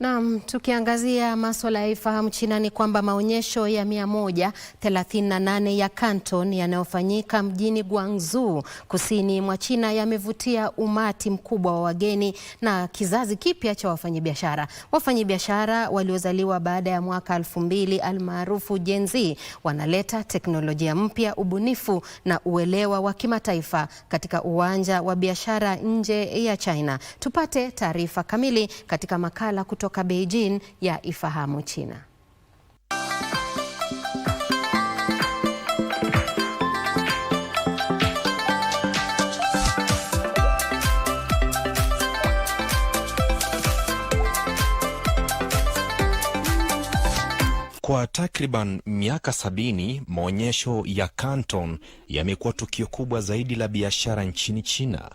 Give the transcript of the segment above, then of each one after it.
Naam, tukiangazia maswala ya Ifahamu China ni kwamba maonyesho ya 138 ya Canton yanayofanyika mjini Guangzhou kusini mwa China yamevutia umati mkubwa wa wageni na kizazi kipya cha wafanyabiashara. Wafanyabiashara waliozaliwa baada ya mwaka 2000 almaarufu Gen Z wanaleta teknolojia mpya, ubunifu na uelewa wa kimataifa katika uwanja wa biashara nje ya China. Tupate taarifa kamili katika makala kutoka kutoka Beijing ya Ifahamu China. Kwa takriban miaka sabini maonyesho ya Canton yamekuwa tukio kubwa zaidi la biashara nchini China,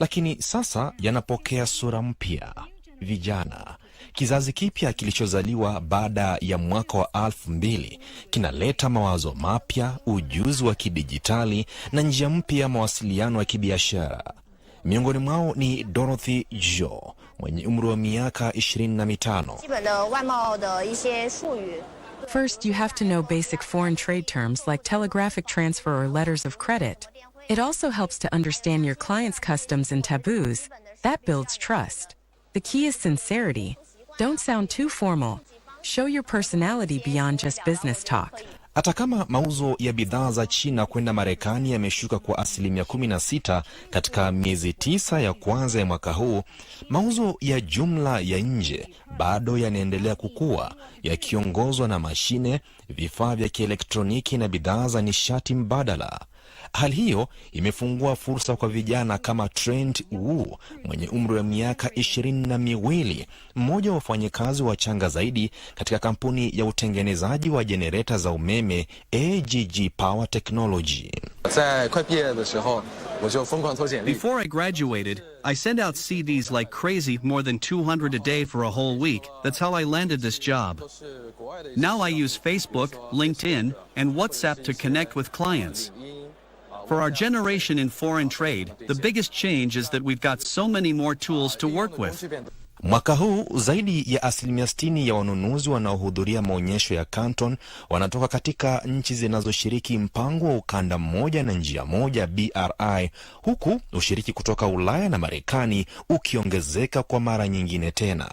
lakini sasa yanapokea sura mpya: vijana, Kizazi kipya kilichozaliwa baada ya mwaka wa alfu mbili kinaleta mawazo mapya, ujuzi wa kidijitali na njia mpya ya mawasiliano ya kibiashara. Miongoni mwao ni Dorothy Jo mwenye umri wa miaka ishirini na mitano. First you have to know basic foreign trade terms like telegraphic transfer or letters of credit. It also helps to understand your client's customs and taboos. That builds trust. The key is sincerity. Don't sound too formal. Show your personality beyond just business talk. Hata kama mauzo ya bidhaa za China kwenda Marekani yameshuka kwa asilimia 16 katika miezi tisa ya kwanza ya mwaka huu, mauzo ya jumla ya nje bado yanaendelea kukua, yakiongozwa na mashine, vifaa vya kielektroniki na bidhaa za nishati mbadala. Hali hiyo imefungua fursa kwa vijana kama Trent Wu mwenye umri wa miaka ishirini na miwili, mmoja wa wafanyakazi changa zaidi katika kampuni ya utengenezaji wa jenereta za umeme AGG Power Technology. Before I graduated, I sent out like crazy, more than 200 a day for a whole week. That's how I landed this job. Now I use Facebook, LinkedIn, and WhatsApp to connect with clients. For our generation in foreign trade, the biggest change is that we've got so many more tools to work with. Mwaka huu zaidi ya asilimia 60 ya wanunuzi wanaohudhuria maonyesho ya Canton wanatoka katika nchi zinazoshiriki mpango wa ukanda mmoja na njia moja BRI, huku ushiriki kutoka Ulaya na Marekani ukiongezeka kwa mara nyingine tena.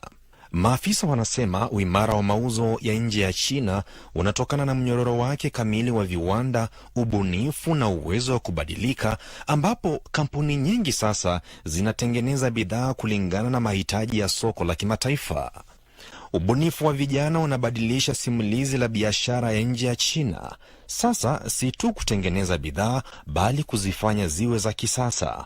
Maafisa wanasema uimara wa mauzo ya nje ya China unatokana na mnyororo wake kamili wa viwanda, ubunifu na uwezo wa kubadilika, ambapo kampuni nyingi sasa zinatengeneza bidhaa kulingana na mahitaji ya soko la kimataifa. Ubunifu wa vijana unabadilisha simulizi la biashara ya nje ya China. Sasa si tu kutengeneza bidhaa, bali kuzifanya ziwe za kisasa.